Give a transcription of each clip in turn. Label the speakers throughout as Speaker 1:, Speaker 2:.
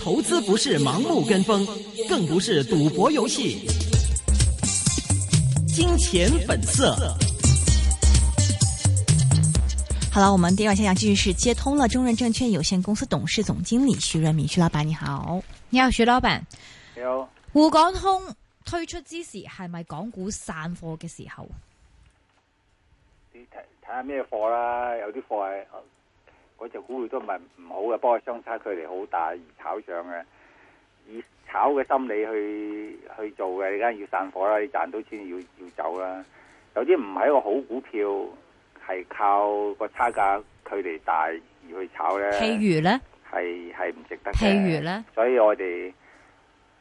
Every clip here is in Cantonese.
Speaker 1: 投資不是盲目跟風，更不是賭博遊戲。金錢本色。
Speaker 2: 好了，我們第二位嘉賓繼續是接通了中潤證券有限公司董事總經理徐潤民，徐老闆你好，你好徐老闆，你
Speaker 3: 好。滬港通推出之時，係咪港股散貨嘅時候？
Speaker 1: 你睇睇下咩貨啦，有啲貨係。嗰隻股票都唔係唔好嘅，不過相差距離好大而炒上嘅，以炒嘅心理去去做嘅，你梗係要散伙啦，你賺到錢要要走啦。有啲唔係一個好股票，係靠個差價距離大而去炒咧。譬如咧，係係唔值得嘅。譬如咧，所以我哋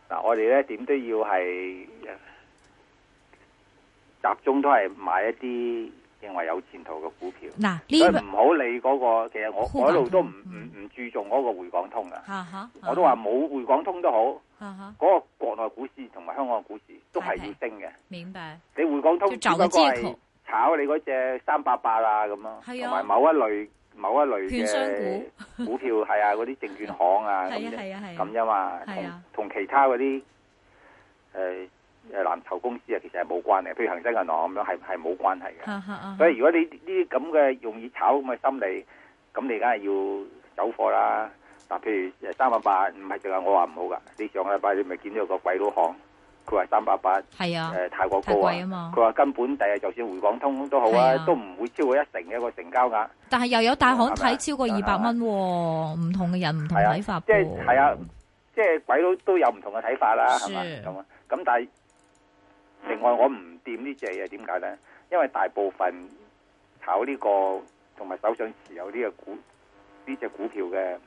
Speaker 1: 嗱，我哋咧點都要係集中都係買一啲認為有前途嘅股票，嗱，所以唔好理嗰、那個這個。其實我我一路都唔唔唔注重嗰個滬港通噶、啊，我都話冇滬港通都好。嗰、啊那個國內股市同埋香港股市都係要升嘅。明白。你滬港通只不過係炒你嗰隻三八八啊咁咯，同、啊、埋、啊、某一類某一類嘅股票係 啊，嗰啲證券行啊咁、啊、樣，咁、啊啊、樣嘛，啊、同同其他嗰啲誒。哎誒藍籌公司啊，其實係冇關係，譬如恒生銀行咁樣，係係冇關係嘅。所以如果你呢啲咁嘅容易炒咁嘅心理，咁你梗係要走貨啦。嗱，譬如三百八，唔係淨係我話唔好㗎。你上個禮拜你咪見到個鬼佬行，佢話三百八，係啊，誒太過高啊。太貴啊嘛！佢話根本第日就算滬港通都好啊，都唔會超過一成嘅一個成交額。
Speaker 3: 但係又有大行睇超過二百蚊喎，唔同嘅人唔同睇法，即係係
Speaker 1: 啊，即係鬼佬都有唔同嘅睇法啦，係嘛？咁啊，咁但係。另外我唔掂呢隻嘢，點解呢？因為大部分炒呢、這個同埋手上持有呢個股呢隻、這個、股票嘅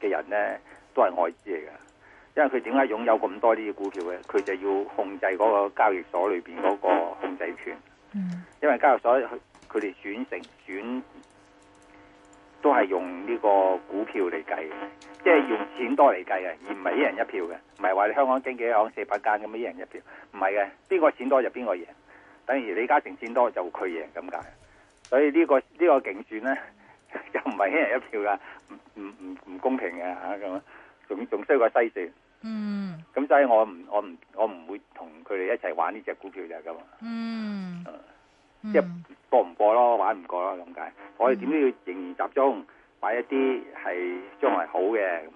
Speaker 1: 嘅人呢，都係外資嚟嘅。因為佢點解擁有咁多呢隻股票嘅？佢就要控制嗰個交易所裏邊嗰個控制權。嗯。因為交易所佢哋選成。係用呢個股票嚟計嘅，即係用錢多嚟計嘅，而唔係一人一票嘅，唔係話你香港經紀行四百間咁樣一人一票，唔係嘅，邊個錢多就邊個贏，等於李嘉誠錢多就佢贏咁解，所以呢個呢個競選咧又唔係一人一票噶，唔唔唔公平嘅吓咁，仲仲衰過西線、啊，嗯，咁所以我唔我唔我唔會同佢哋一齊玩呢隻股票就係咁。嗯。嗯、即係過唔過咯，玩唔過咯咁解。嗯、我哋點都要仍然集中買一啲係將來好嘅咁。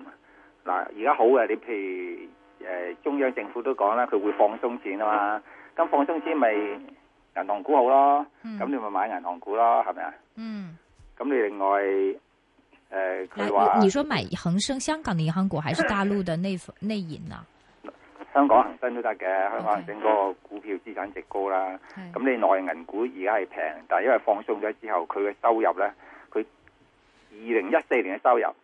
Speaker 1: 嗱，而家好嘅，你譬如誒、呃、中央政府都講啦，佢會放鬆錢啊嘛。咁、哦、放鬆錢咪銀行股好咯。咁、嗯、你咪買銀行股咯，係咪啊？嗯。咁你另外誒佢話，你、呃、你說
Speaker 3: 買恆生香港嘅銀行股，還是大陸的內內銀啊？
Speaker 1: 香港恒生都得嘅，香港恒生個股票資產值高啦。咁、okay，你內銀股而家係平，但係因為放鬆咗之後，佢嘅收入咧，佢二零一四年嘅收入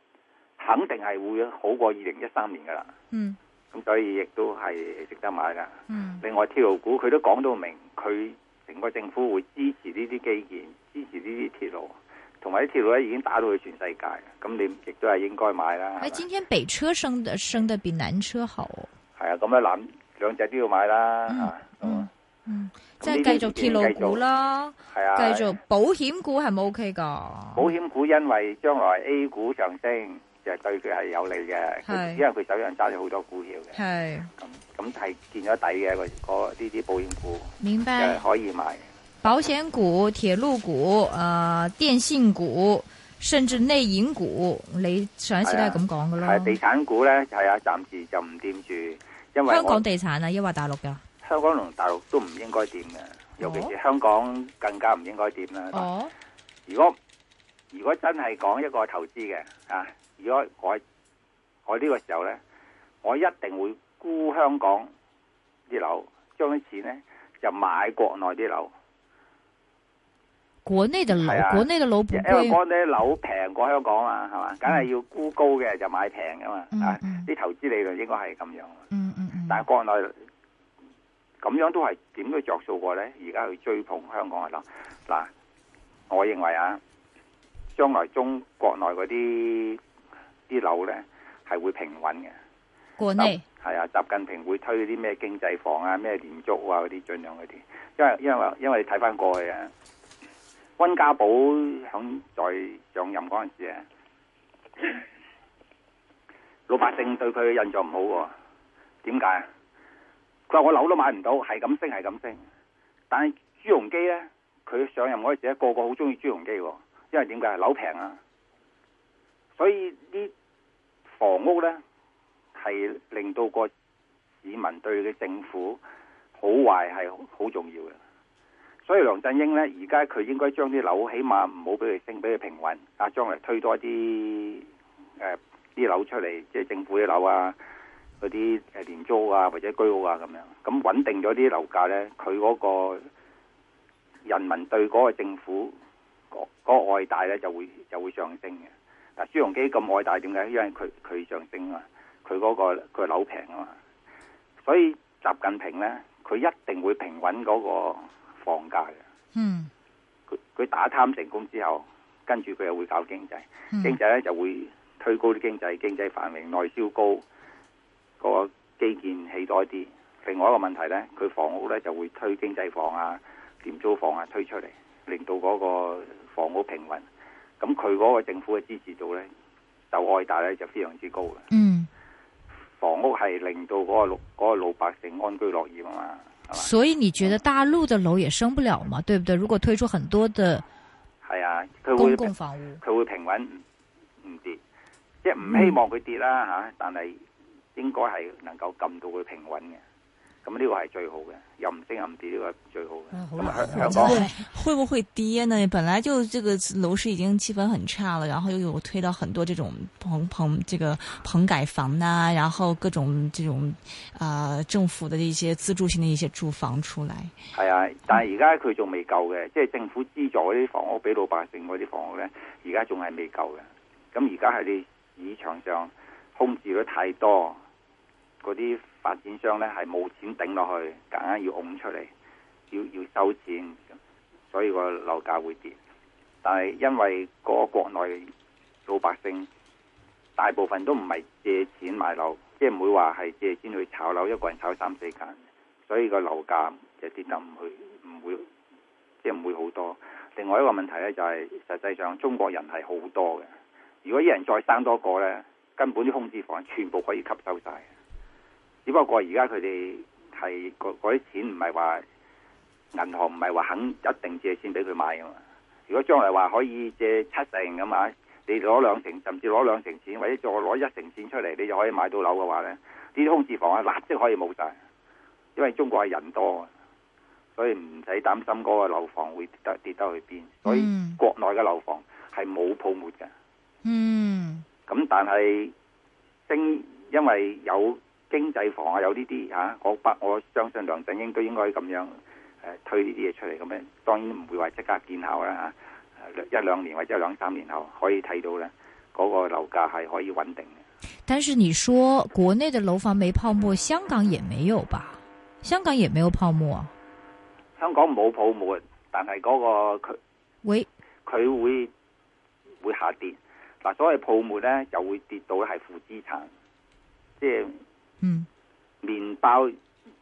Speaker 1: 肯定係會好過二零一三年噶啦。嗯，咁所以亦都係值得買噶。嗯，另外鐵路股佢都講到明，佢成個政府會支持呢啲基建，支持呢啲鐵路，同埋啲鐵路咧已經打到去全世界。咁你亦都係應該買啦。誒，今
Speaker 3: 天北車升得升得比南車好。
Speaker 1: 係啊，咁樣諗兩隻都要買啦，啊，嗯，即、嗯、係、嗯嗯、繼續鐵路股啦，係啊，繼續
Speaker 3: 保險股係咪 OK 噶？
Speaker 1: 保險股因為將來 A 股上升，就對佢係有利嘅，因為佢手上揸咗好多股票嘅，
Speaker 3: 係，
Speaker 1: 咁咁係見咗底嘅個個呢啲保險股，明白，可以買
Speaker 3: 保險股、鐵路股、誒、呃、電信股，甚至內銀股，你上一次都係咁講噶咯，係、啊、地
Speaker 1: 產股咧，係啊，暫時就唔掂住。因為香港地
Speaker 3: 產啊，抑或大陸嘅、啊？
Speaker 1: 香港同大陸都唔應該掂嘅、哦，尤其是香港更加唔應該掂啦。哦，如果如果真係講一個投資嘅啊，如果我我呢個時候咧，我一定會沽香港啲樓，將啲錢咧就買國內啲樓。
Speaker 3: 國內的樓、啊，國
Speaker 1: 內的樓因為國內樓平過香港啊，係、嗯、嘛，梗係要估高嘅就買平噶嘛，啊，啲、嗯、投資理論應該係咁樣、啊。嗯嗯嗯。但係國內咁樣都係點都着數過咧？而家去追捧香港嘅樓嗱，我認為啊，將來中國內嗰啲啲樓咧係會平穩
Speaker 3: 嘅。
Speaker 1: 國內係啊，習近平會推啲咩經濟房啊、咩廉租啊嗰啲，盡量嗰啲，因為因為因為你睇翻過去啊。溫家寶響在上任嗰陣時啊，老百姓對佢嘅印象唔好，點解啊？佢話我樓都買唔到，係咁升係咁升，但係朱鎔基咧，佢上任嗰陣時咧，個個好中意朱鎔基，因為點解啊？樓平啊，所以啲房屋咧係令到個市民對佢嘅政府好壞係好重要嘅。所以梁振英呢，而家佢應該將啲樓，起碼唔好俾佢升，俾佢平穩。將來呃、來啊，將嚟推多啲誒啲樓出嚟，即係政府嘅樓啊，嗰啲誒廉租啊，或者居屋啊咁樣。咁穩定咗啲樓價呢。佢嗰個人民對嗰個政府嗰、那個愛戴咧就會就會上升嘅。但朱鎔基咁愛戴點解？因為佢佢上升啊，佢嗰、那個佢樓平啊嘛。所以習近平呢，佢一定會平穩嗰、那個。房價嘅，嗯，佢佢打貪成功之後，跟住佢又會搞經濟，經濟咧、嗯、就會推高啲經濟，經濟繁榮，內銷高，個基建起多啲。另外一個問題咧，佢房屋咧就會推經濟房啊、廉租房啊推出嚟，令到嗰個房屋平穩。咁佢嗰個政府嘅支持度咧，就愛戴咧就非常之高嘅。嗯，房屋係令到嗰、嗰個老嗰、嗰個老百姓安居樂業啊嘛。
Speaker 3: 所以你覺得大陸的樓也升不了嘛？對不對？如果推出很多的
Speaker 1: 係啊，公共房屋佢、啊、會，會平穩唔跌，即係唔希望佢跌啦吓、嗯啊，但係應該係能夠撳到佢平穩嘅。咁、這、呢個係最好嘅，又唔升又唔跌呢，這個係最好嘅。咁香港
Speaker 2: 會不會跌呢？本來就這個樓市已經氣氛很差了，然後又有推到很多這種棚棚，這個棚改房啊，然後各種這種，啊、呃、政府的一些資助性的一些住房出來。
Speaker 1: 係啊，但係而家佢仲未夠嘅，嗯，即係政府資助啲房屋俾老百姓嗰啲房屋咧，而家仲係未夠嘅。咁而家係啲市場上空置咗太多嗰啲。那些發展商咧，係冇錢頂落去，硬硬要拱出嚟，要要收錢，所以個樓價會跌。但係因為個國內老百姓大部分都唔係借錢買樓，即係唔會話係借錢去炒樓，一個人炒三四間，所以個樓價就跌得唔會唔會即係唔會好多。另外一個問題咧，就係實際上中國人係好多嘅，如果一人再生多個咧，根本啲空置房全部可以吸收晒。只不過而家佢哋係嗰啲錢，唔係話銀行唔係話肯一定借錢俾佢買啊。如果將來話可以借七成咁啊，你攞兩成，甚至攞兩成錢，或者再攞一成錢出嚟，你就可以買到樓嘅話咧，呢啲空置房啊，立即可以冇晒，因為中國係人多，所以唔使擔心嗰個樓房會跌跌得去邊。所以國內嘅樓房係冇泡沫嘅。嗯，咁但係正因為有。經濟房啊，有呢啲嚇，我不我相信梁振英都應該咁樣誒推呢啲嘢出嚟咁樣，當然唔會話即刻見效啦嚇，一兩年或者兩三年後可以睇到咧，嗰個樓價係可以穩定嘅。
Speaker 3: 但是，你說國內嘅樓房沒泡沫，香港也沒有吧？香港也沒有泡沫。
Speaker 1: 香港冇泡沫，但係嗰個佢會佢會會下跌。嗱，所謂泡沫咧，就會跌到係負資產，即係。嗯，麵包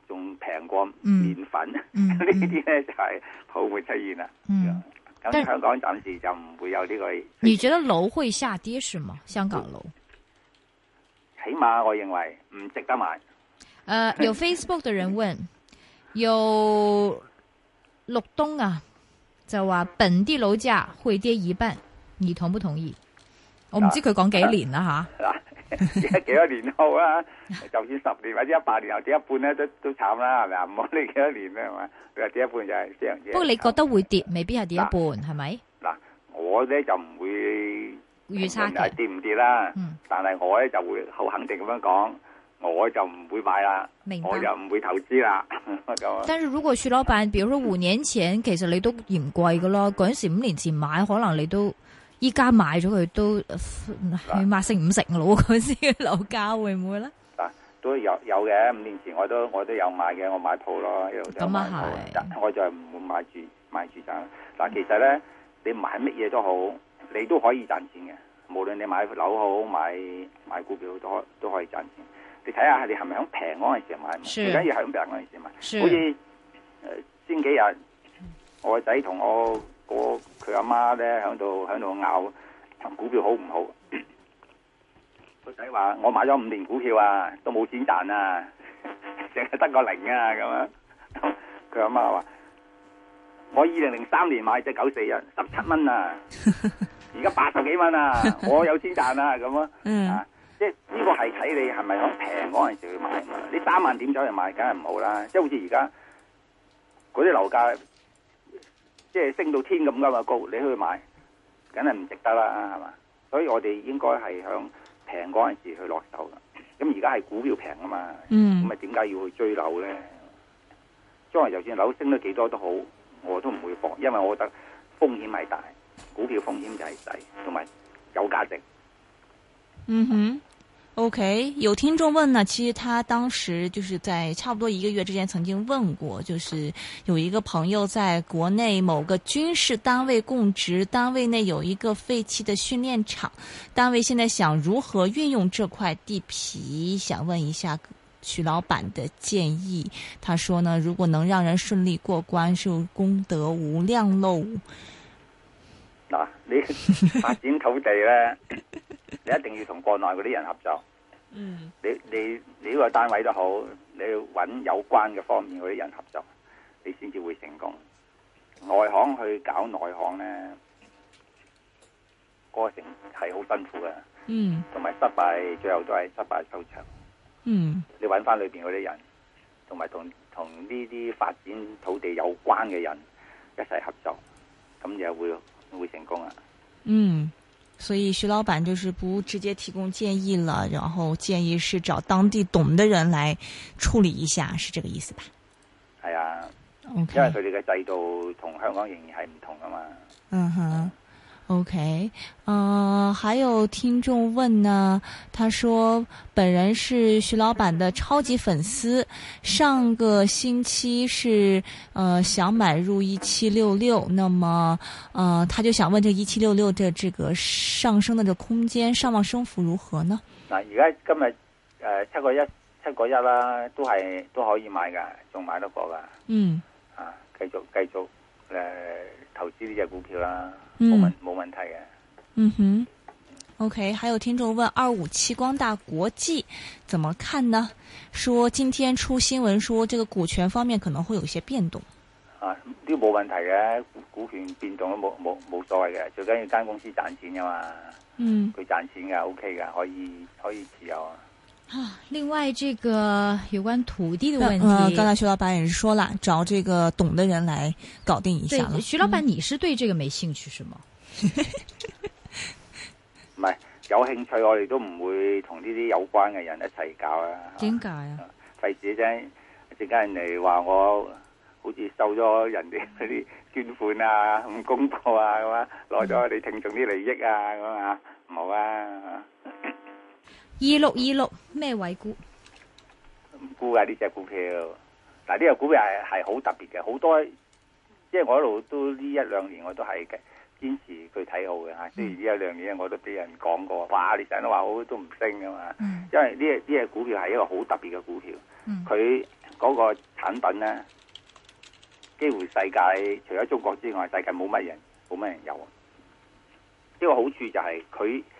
Speaker 1: 仲平過麵粉，呢啲咧就係好會出現啦。咁、嗯、香港暫時就唔會有呢個。
Speaker 3: 你覺得樓會下跌是嗎？香港樓、嗯、
Speaker 1: 起碼我認為唔值得買。
Speaker 3: 誒、呃，有 Facebook 嘅人問， 有陸東啊，就話本地樓價會跌一半，你同唔同意？
Speaker 1: 啊、我唔知佢講幾年啦吓。啊啊幾 多年都好啊？就算十年，或者，年或者一百年後跌一半咧，都都慘啦，係咪啊？唔好理幾多年啦，係嘛？跌一半又係呢樣嘢。不過你
Speaker 3: 覺得會跌，未必係跌一半，係咪？
Speaker 1: 嗱，我咧就唔會預測嘅，跌唔跌啦、嗯。但係我咧就會好肯定咁樣講，我就唔會買啦，我就唔會投資啦。 但是
Speaker 3: 如果徐老闆，比如說五年前， 其實你都嫌貴噶咯。嗰時五年前買，可能你都。依家買咗佢都，起碼升五成咯，佢先
Speaker 2: 樓價會
Speaker 1: 唔會咧？嗱、啊，都有有嘅，五年前我都我都有買嘅，我買鋪咯。咁啊係，嗯、但我就唔會買住買住宅。嗱，其實咧、嗯，你買乜嘢都好，你都可以賺錢嘅。無論你買樓好，買買股票都可都可以賺錢。你睇下，你係咪響平嗰陣時買？Sure. 最緊要係響平嗰陣時買。Sure. 好似誒，先幾日我仔同我。我佢阿媽咧喺度喺度拗，她股票好唔好？個仔話我買咗五年股票啊，都冇錢賺啊，淨係得個零啊咁啊。佢阿媽話我二零零三年買隻九四一十七蚊啊，而家八十幾蚊啊，我有錢賺啊咁啊。嗯，即係呢個係睇你係咪響平嗰陣時去買，你三萬點走去買梗係唔好啦。即係好似而家嗰啲樓價。即係升到天咁噶嘛高，你去買，梗係唔值得啦，係嘛？所以我哋應該係向平嗰陣時去落手噶。咁而家係股票平啊嘛，咁咪點解要去追樓呢？將來就算樓升得幾多都好，我都唔會放，因為我覺得風險係大，股票風險就係細，同埋有價值。嗯
Speaker 2: 哼。OK，有聽眾問呢，其實他當時就是在差不多一個月之前曾經問過，就是有一個朋友在國內某個軍事單位供職，單位內有一個廢棄的訓練場，單位現在想如何運用這塊地皮，想問一下徐老闆的建議。他說呢，如果能讓人順利過關，就功德無量嘍。嗱、啊，你發展土地
Speaker 1: 呢， 你一定要同國內嗰啲人合作。嗯、mm.，你你你呢個單位都好，你要搵有關嘅方面嗰啲人合作，你先至會成功。外行去搞內行呢，過程係好辛苦嘅，嗯，同埋失敗，最後都係失敗收場，嗯、mm.。你搵翻裏邊嗰啲人，同埋同同呢啲發展土地有關嘅人一齊合作，咁就會會成功啊，嗯、
Speaker 2: mm.。所以徐老闆就是不直接提供建議了，然後建議是找當地懂的人來處理一下，是這個意思吧？
Speaker 1: 係啊，Okay. 因為佢哋嘅制度同香港仍然係唔同噶嘛。
Speaker 2: 嗯哼。OK，嗯、呃，還有聽眾問呢，他說本人是徐老闆的超級粉絲，上個星期是呃想買入一七六六，那麼呃他就想問這一七六六的這個上升的這個空間上望升幅如何呢？嗱
Speaker 1: 而家今日呃七個一七個一啦，都係都可以買噶，仲買得過噶，
Speaker 2: 嗯，
Speaker 1: 啊，繼續繼續，誒、呃。投資呢隻股票啦，冇問冇問題嘅。
Speaker 2: 嗯哼，OK。還有聽眾問，二五七光大國際怎麼看呢？說今天出新聞說這個股權方面可能會有些變動。
Speaker 1: 啊，呢個冇問題嘅，股權變動都冇冇冇所謂嘅。最緊要間公司賺錢吖嘛。嗯，佢賺錢噶，OK 噶，可以可以持有啊。
Speaker 3: 啊，另外這個有關土地的問題，啊呃、剛才徐
Speaker 2: 老闆也是說了，找這個懂的人來搞定一下徐老板、嗯，你是對這個沒興趣是嗎？
Speaker 1: 唔 係，有興趣我哋都唔會同呢啲有關嘅人一齊搞啊。點解啊？費事啫一陣間人哋話我，好似收咗人哋嗰啲捐款啊，咁公布啊，咁啊，攞咗我哋聽眾啲利益啊，咁啊，唔好啊。啊
Speaker 3: 二六二六咩位估？
Speaker 1: 唔估㗎呢隻股票，嗱呢隻股票係係好特別嘅，好多，即係我一路都呢一兩年我都係嘅，堅持佢睇好嘅吓，雖、嗯、然呢一兩年我都俾人講過，話你成日都話好都唔升㗎嘛、嗯，因為呢隻呢隻股票係一個好特別嘅股票，佢、嗯、嗰個產品咧，幾乎世界除咗中國之外，世界冇乜人冇乜人有啊，呢、這個好處就係、是、佢。它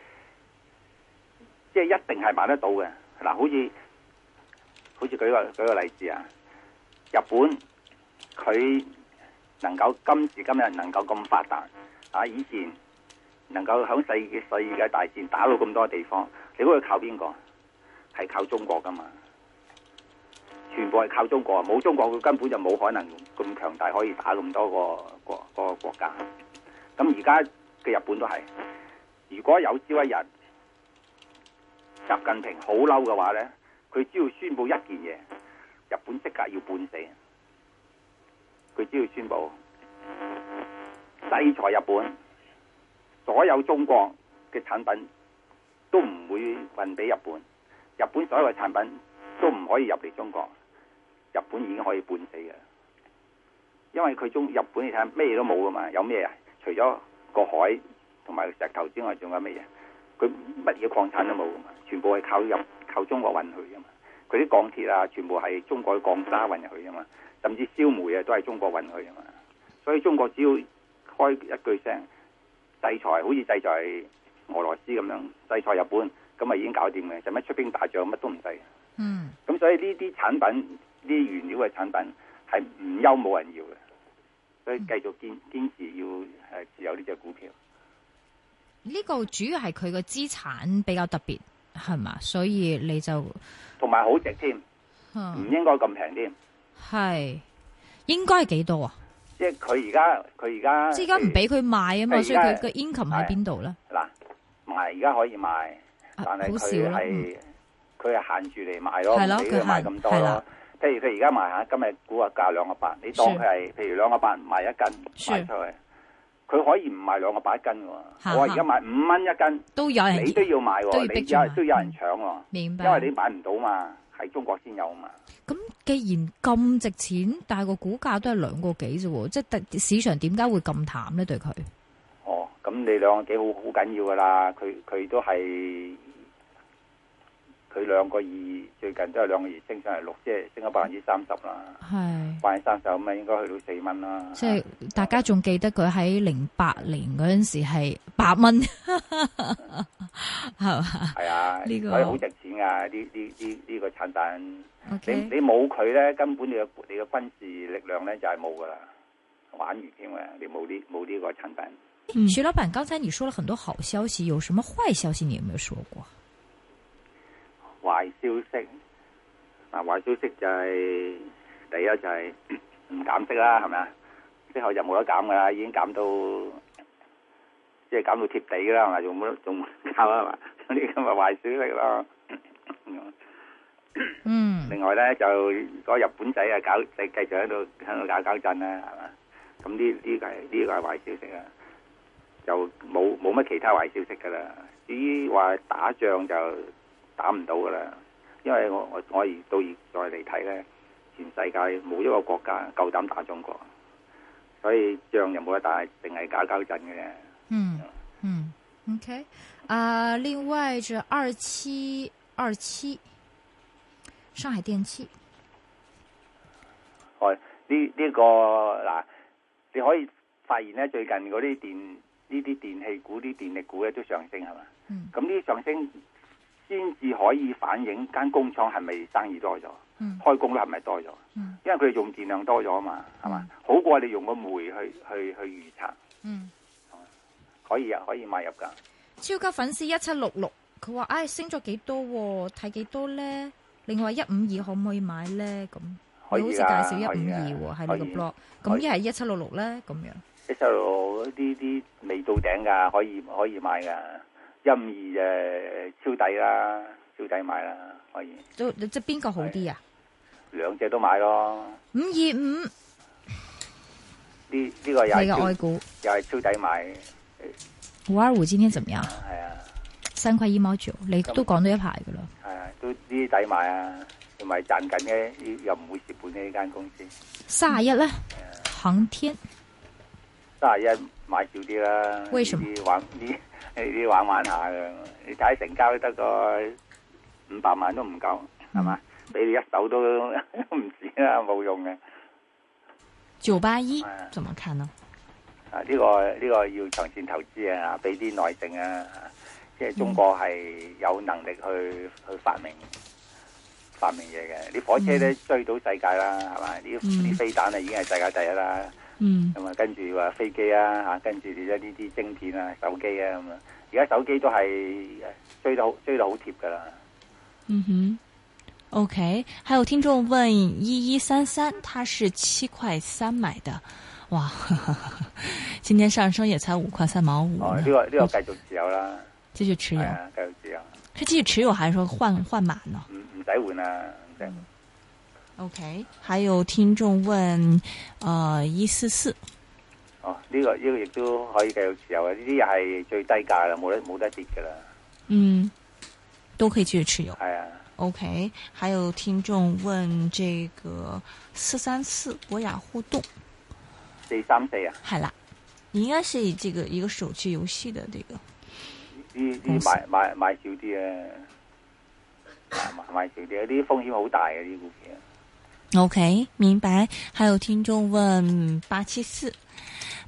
Speaker 1: 即係一定係買得到嘅，嗱，好似好似舉個舉個例子啊，日本佢能夠今時今日能夠咁發達，啊以前能夠喺世界世界大戰打到咁多地方，你估佢靠邊個？係靠中國㗎嘛？全部係靠中國，冇中國佢根本就冇可能咁強大，可以打咁多個國個,個國家。咁而家嘅日本都係，如果有朝一日。習近平好嬲嘅話呢，佢只要宣布一件嘢，日本即刻要半死。佢只要宣布制裁日本，所有中國嘅產品都唔會運俾日本，日本所有嘅產品都唔可以入嚟中國。日本已經可以半死嘅，因為佢中日本你睇咩都冇噶嘛，有咩啊？除咗個海同埋石頭之外什麼，仲有咩嘢？佢乜嘢礦產都冇噶嘛，全部係靠入靠中國運去啊嘛。佢啲鋼鐵啊，全部係中國鋼砂運入去啊嘛。甚至燒煤啊，都係中國運去啊嘛。所以中國只要開一句聲制裁，好似制裁是俄羅斯咁樣制裁日本，咁啊已經搞掂嘅，使乜出兵打仗乜都唔制。嗯。咁所以呢啲產品，呢啲原料嘅產品係唔憂冇人要嘅，所以繼續堅堅持要係持有呢隻股票。
Speaker 3: 呢、這個主要係佢個資產比較特別係嘛，所以你就
Speaker 1: 同埋好值添，
Speaker 3: 唔應
Speaker 1: 該咁平添。
Speaker 3: 係、嗯、應該係幾多啊？
Speaker 1: 即係佢而家，佢而家即係而家唔俾
Speaker 3: 佢賣啊嘛，所以佢個 income 喺邊度咧？
Speaker 1: 嗱，唔係而家可以賣，啊，但係好少。係佢係限住嚟賣咯。係咯，佢賣咁多。係啦。譬如佢而家賣下，今日估下價兩個八，你當佢係譬如兩個八賣一斤賣出去。佢可以唔賣兩個八一斤嘅喎，我而家賣五蚊一斤，
Speaker 3: 都有人，你要都要買喎，你而家都
Speaker 1: 有人搶喎、嗯、明白，因為你買唔到嘛，喺中國先有嘛。咁
Speaker 3: 既然咁值錢，但係個股價都係兩個幾啫喎，即係市市場點解會咁淡咧？對佢，
Speaker 1: 哦，咁你兩個幾好好緊要噶啦，佢佢都係。佢兩個二，最近都係兩個二，升上嚟六，即係升咗百分之三十啦。係百分之三十咁啊，應該去到四蚊啦。即係
Speaker 3: 大家仲記得佢喺零八年嗰陣時係八蚊，係嘛？係啊，呢、呢個佢好值
Speaker 1: 錢啊。呢呢呢呢個產品、okay，你你冇佢咧，根本你嘅你嘅軍事力量咧就係冇噶啦，玩完添啊！你冇啲冇呢個產蛋。
Speaker 3: 徐、嗯、老闆，剛才你說了很多好消息，有什麼壞消息？你有沒有說過？
Speaker 1: 壞消息嗱，壞消息就係、是、第一就係唔減息啦，係咪啊？之後就冇得減噶啦，已經減到即係減到貼地啦，係咪？仲冇得仲搞啊嘛？呢啲咪壞消息咯。嗯、另外咧就如果、那個、日本仔啊，搞繼續喺度喺度搞搞震啦，係嘛？咁呢呢個係呢、這個係壞消息啊！就冇冇乜其他壞消息噶啦，至於話打仗就。打唔到噶啦，因為我我我而到而再嚟睇咧，全世界冇一個國家夠膽打中國，所以仗又冇得打，淨係搞搞震嘅。嗯嗯，OK，
Speaker 3: 啊、uh,，另外就二七二七，上海電器
Speaker 1: 哦，呢、啊、呢、這個嗱、啊，你可以發現咧，最近嗰啲電呢啲電器股，啲電力股咧都上升係嘛？嗯，咁呢啲上升。先至可以反映間工廠係咪生意多咗、嗯，開工率係咪多咗、嗯？因為佢用電量多咗啊嘛，係、嗯、嘛？好過你用個煤去去去預測。嗯，可以入、啊、可以買入噶。
Speaker 3: 超級粉絲一七六六，佢話：唉，升咗幾多、啊？睇幾多咧？另外一五二可唔可以買咧？咁佢
Speaker 1: 好似介紹一五二喎，喺呢個 blog。咁一係
Speaker 3: 一七六六咧？咁樣
Speaker 1: 一七六六啲啲未到頂噶，可以可以買噶。一五二就超抵啦，超抵買啦，可以。
Speaker 3: 都即邊個好啲啊？
Speaker 1: 兩隻都買咯。五二五
Speaker 3: 呢？呢、
Speaker 1: 這個又係。你嘅外股又係超抵買。
Speaker 3: 五二五今天怎麼樣？係啊，三塊一毛二，你都講咗一排噶啦。係、嗯、
Speaker 1: 啊，都呢啲抵買啊，同埋賺緊嘅，又唔會蝕本嘅呢間公司。
Speaker 3: 三啊一啦，航天。
Speaker 1: 三啊一買少啲啦。為什麼？玩呢？你玩玩下你睇成交得個五百萬都唔夠，係、嗯、嘛？俾你一手都唔止啦，冇用嘅。
Speaker 2: 九八一，怎麼看
Speaker 1: 呢？啊，呢個呢個要長線投資啊，俾啲耐性啊。即係中國係有能力去、嗯、去發明發明嘢嘅。啲火車咧、嗯、追到世界啦，係嘛？啲啲、嗯、飛彈已經係世界第一啦。嗯，咁啊，跟住話飛機啊，吓，跟住你即係呢啲晶片啊，手機啊咁啊，而家手機都係追到追到好貼㗎喇。嗯哼
Speaker 2: ，OK，還有聽眾問：一一三三，他是七塊三買的，哇，今天上升也才五塊三毛五。哦，呢
Speaker 1: 個呢個繼續持有啦，繼續持有、嗯，繼續持有。是
Speaker 2: 繼續持有還是說換換馬呢？
Speaker 1: 唔唔使換啊。
Speaker 2: OK，還有聽眾問，呃，一四四。
Speaker 1: 哦，呢、這個呢、這個亦都可以繼續持有啊！呢啲又係最低價啦，冇得冇得跌噶啦。嗯，
Speaker 2: 都可以繼續持有。係啊。OK，還有聽眾問這個四三四博雅互動。
Speaker 1: 四三四啊？
Speaker 2: 係啦，你應該是以這個一個手機遊戲的這個。
Speaker 1: 啲啲買買買少啲啊！買 買少啲，有啲風險好大嘅呢啲股票。
Speaker 2: OK，明白。還有聽眾問八七四，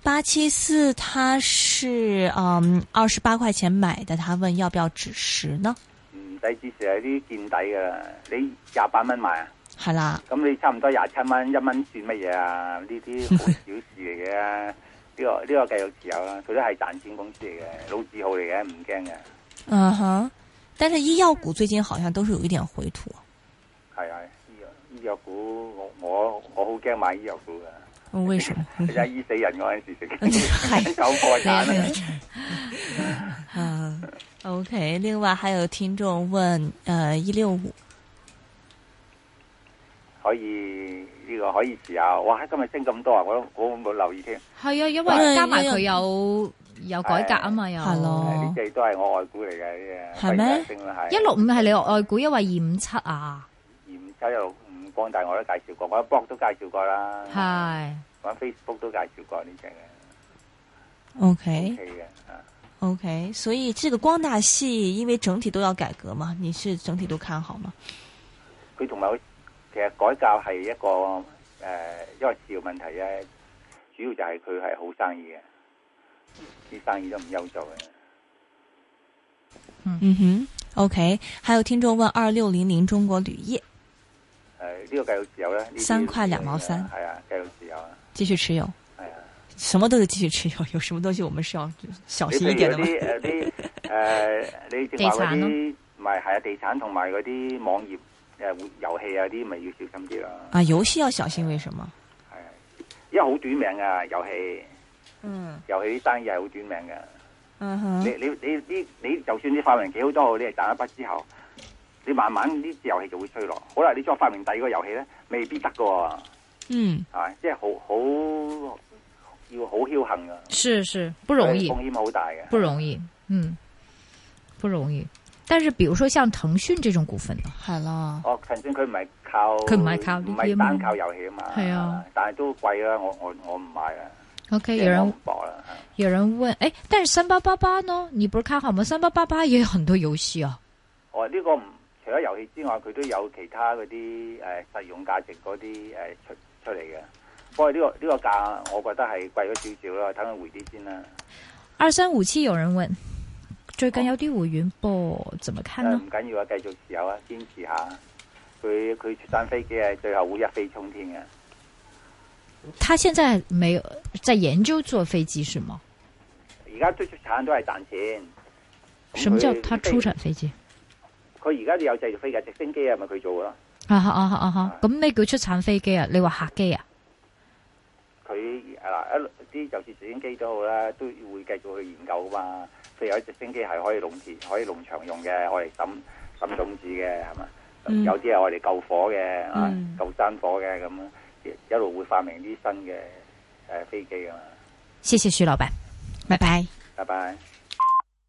Speaker 2: 八七四他是嗯二十八塊錢買的，他問要不要止蝕呢？唔
Speaker 1: 使止蝕，係啲見底噶啦。你廿八蚊買啊？
Speaker 2: 係啦，
Speaker 1: 咁你差唔多廿七蚊，一蚊算乜嘢啊？呢啲好小事嚟嘅，呢、 這個呢、這個繼續持有啦，佢都係賺錢公司嚟嘅，老字號嚟嘅，唔驚嘅。嗯
Speaker 2: 哼。但是醫藥股最近好像都是有一點回吐。
Speaker 1: 係 啊。醫藥股，我我我好驚買醫藥
Speaker 2: 股啊！為什麼？而家醫死人嗰
Speaker 1: 陣時食，走破產
Speaker 2: 啦。OK，另外還有聽眾問，呃，一六五
Speaker 1: 可以呢個可以試下？哇，今日升咁多啊！我都我冇留意添。
Speaker 3: 係啊，因為加埋佢有有改革啊嘛，又係咯。呢
Speaker 1: 啲都係我外股嚟嘅，呢啲係
Speaker 3: 咩？一六五係你外股，因為二五七啊，二五七又。
Speaker 1: 光大我都介紹過，我喺 blog 都介紹過啦，喺 Facebook 都介紹過呢隻嘅。O
Speaker 2: K，O K 嘅 O K，所以這個光大係因為整體都要改革嘛，你是整體都看好嗎？
Speaker 1: 佢同埋佢其實改革係一個誒，因為次要問題咧，主要就係佢係好生意嘅，啲生意都唔優秀嘅。嗯
Speaker 2: 哼，O K。Okay. 還有聽眾問：二六零零中國鋁業。
Speaker 1: 誒，呢個繼續持有咧，三塊兩毛三，係
Speaker 2: 啊，繼續持有，繼續持有，係啊，什麼都得繼續持有，有什麼東西我們是要小心一點咯。你誒 、
Speaker 1: 呃、你地產咯，唔係，係啊，地產同埋啲網頁誒、呃、遊戲啊啲，咪要小心啲咯。
Speaker 2: 啊，遊戲要小心，為什麼？
Speaker 1: 係、啊，因為好短命啊，遊戲，嗯，遊戲啲生意係好短命噶、嗯，你你你你，你就算你發明幾好都好，你係賺一筆之後。慢慢呢啲遊戲就會衰落，好啦，你再發明第二個遊戲咧，未必得噶，嗯，係、啊、即係好好要好僥倖噶。是是不容易，風險好大嘅，不容易，嗯，
Speaker 3: 不容易。但是，比如說像騰訊這種股份、啊、係、哦、咯、嗯啊哦嗯啊，
Speaker 1: 哦，騰訊佢唔係靠，佢唔係靠唔係單靠遊戲啊嘛，係啊，但係都貴啊。我我我唔買啊。OK，有人、嗯、
Speaker 3: 有人問，誒，但是三八八八呢？你不是看好嗎？三八八八也有很多遊戲啊。
Speaker 1: 哦、呢、這個唔。除咗遊戲之外，佢都有其他嗰啲誒實用價值嗰啲誒出出嚟嘅。不過呢個呢個價，我覺得係貴咗少少啦。等佢回啲先啦。
Speaker 3: 二三五七有人問，最近有啲回軟噃，怎麼看呢？唔
Speaker 1: 緊要啊，繼續持有啊，堅持下。佢佢出產飛機係最後會一飛沖天嘅。
Speaker 3: 他現在沒有在研究做飛機是嗎？
Speaker 1: 而家最出產都係賺錢。什麼叫他出產飛機？佢而家都有製造飛架直升機啊，咪佢做嘅咯。啊
Speaker 3: 哈啊哈啊哈，咁咩叫出產飛機啊？你話客機啊？
Speaker 1: 佢嗱一啲，就似直升機都好啦，都會繼續去研究噶嘛。譬如有啲直升機係可以農田、可以農場用嘅，我哋抌抌種子嘅，係嘛。
Speaker 3: 嗯。有啲
Speaker 1: 係我哋救火嘅，啊救山火嘅咁，一路會發明啲新嘅誒飛機噶嘛。
Speaker 3: 謝謝徐老闆，拜拜。
Speaker 1: 拜拜。